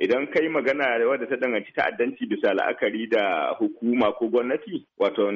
idan kai magana wadda ta danganci ta'addanci bisa la'akari da hukuma ko gwamnati wato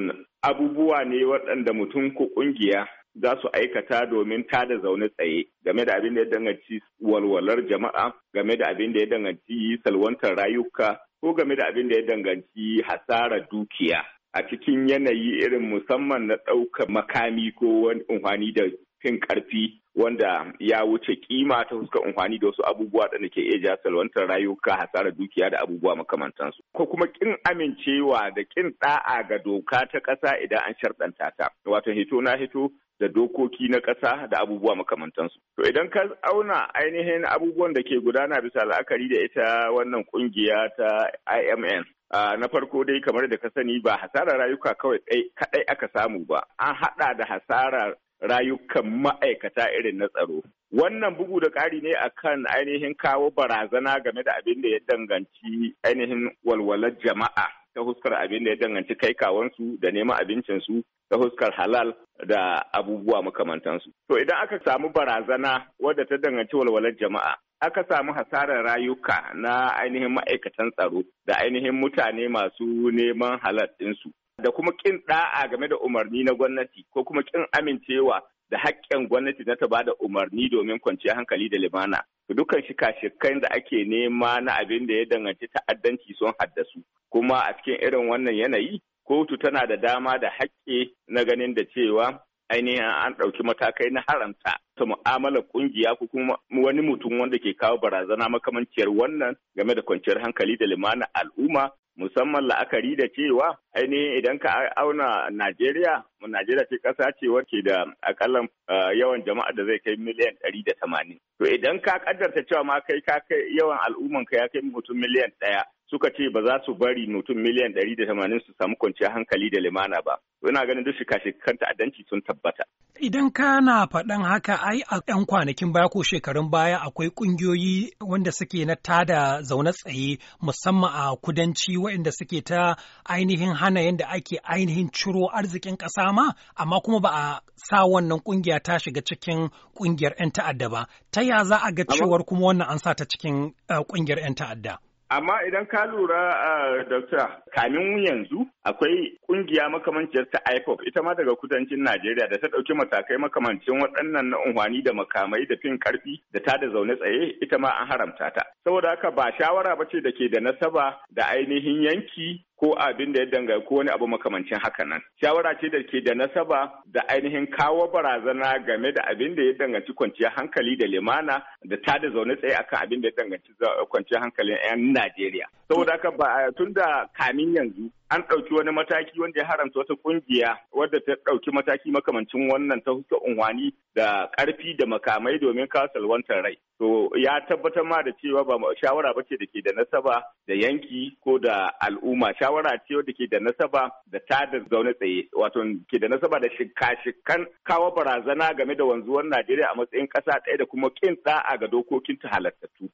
abubuwa ne waɗanda mutum ko ƙungiya za su aikata domin tada zaune tsaye game da abin da ya danganci walwalar jama'a game da abin da ya danganci salwantar rayuka ko game da abin da ya danganci hasara dukiya a cikin yanayi irin musamman na ɗaukar makami ko wani da fin karfi wanda ya wuce kima ta fuskar amfani da wasu abubuwa da ke iya ja salwantar rayuka hasara dukiya da abubuwa makamantansu ko kuma kin amincewa da kin da'a ga doka ta ƙasa idan an sharɗanta ta wato hito na hito da dokoki na ƙasa da abubuwa makamantansu to idan ka auna ainihin abubuwan da ke gudana bisa la'akari da ita wannan kungiya ta IMN Uh, na farko dai kamar da ka sani ba hasarar rayuka kawai kadai aka samu ba an haɗa da hasarar rayukan ma'aikata irin na tsaro. Wannan bugu da ƙari ne akan ainihin kawo barazana game da abin da ya danganci ainihin walwalar jama'a ta huskar abin da ya danganci kai kawansu da neman abincinsu ta huskar halal da abubuwa makamantansu. To idan aka samu barazana wadda ta danganci walwalar jama'a, aka samu hasarar rayuka na ainihin ma'aikatan tsaro da ainihin mutane masu neman halal ɗinsu. da kuma kin da'a game da umarni na gwamnati ko kuma kin amincewa da haƙƙin gwamnati na ta bada umarni domin kwanciya hankali da limana. Dukkan shika-shikan da ake nema na abin da ya danganci ta'addanci sun haddasu. Kuma a cikin irin wannan yanayi, kotu tana da dama da haƙƙi na ganin da cewa ainihin an ɗauki matakai na haramta ta mu'amalar ƙungiya ko kuma wani mutum wanda ke kawo barazana makamanciyar wannan game da kwanciyar hankali da limana al'umma musamman la'akari da cewa ainihin idan ka auna Najeriya, Najeriya ce kasa ce wacce da akalla eh, yawan jama'a da zai kai miliyan ɗari da tamanin. To idan ka kaddarta cewa ma kai ka kai yawan al'umman ka ya kai mutum miliyan ɗaya, suka ce ba za su bari mutum miliyan ɗari da tamanin su samu kwanciyar hankali da limana ba. Ina ganin duk shika-shikan ta'addanci sun tabbata. Idan kana faɗan haka ai a ƴan kwanakin baya ko shekarun baya akwai ƙungiyoyi wanda suke na tada zaune tsaye musamman a kudanci waɗanda suke ta ainihin hana yadda ake ainihin ciro arzikin ƙasa ma amma kuma ba a sa wannan ƙungiya ta shiga cikin ƙungiyar 'yan ta'adda ba. Ta ya za a ga cewar kuma wannan an sa ta cikin eh, ƙungiyar 'yan ta'adda? Amma idan ka lura ah, dokta kamin yanzu akwai kungiya makamanciyar ta IPOP ita ma daga kudancin Najeriya da ta ɗauki matakai makamancin waɗannan na unhwani da makamai da fin karfi da ta da zaune tsaye ita ma an haramta ta. Saboda haka ba shawara ba ce da ke da nasaba da ainihin yanki ko abin da ya danga ko wani abu makamancin haka nan. Shawara ce da ke da nasaba da ainihin kawo barazana game da abin da ya danganci kwanciyar hankali da limana da ta da zaune tsaye akan abin da ya danganci kwanciyar hankalin 'yan Najeriya. saboda haka ba a tun da kamin yanzu an ɗauki wani mataki wanda ya haramta wata ƙungiya wadda ta ɗauki mataki makamancin wannan ta huta unwani da ƙarfi da makamai domin kasalwantar rai. To ya tabbatar ma da cewa ba shawara ba ce da ke da nasaba da yanki ko da al'umma shawara ce wadda ke da nasaba da tada zaune tsaye wato ke da nasaba da shika-shikan kawo barazana game da wanzuwar Najeriya a matsayin ƙasa ɗaya da kuma ƙin ɗa'a ga dokokin ta halattattu.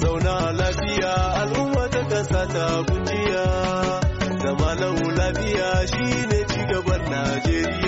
zauna lafiya al'umma ta kasa ta kujiya zama lafiya shine cigaban najeriya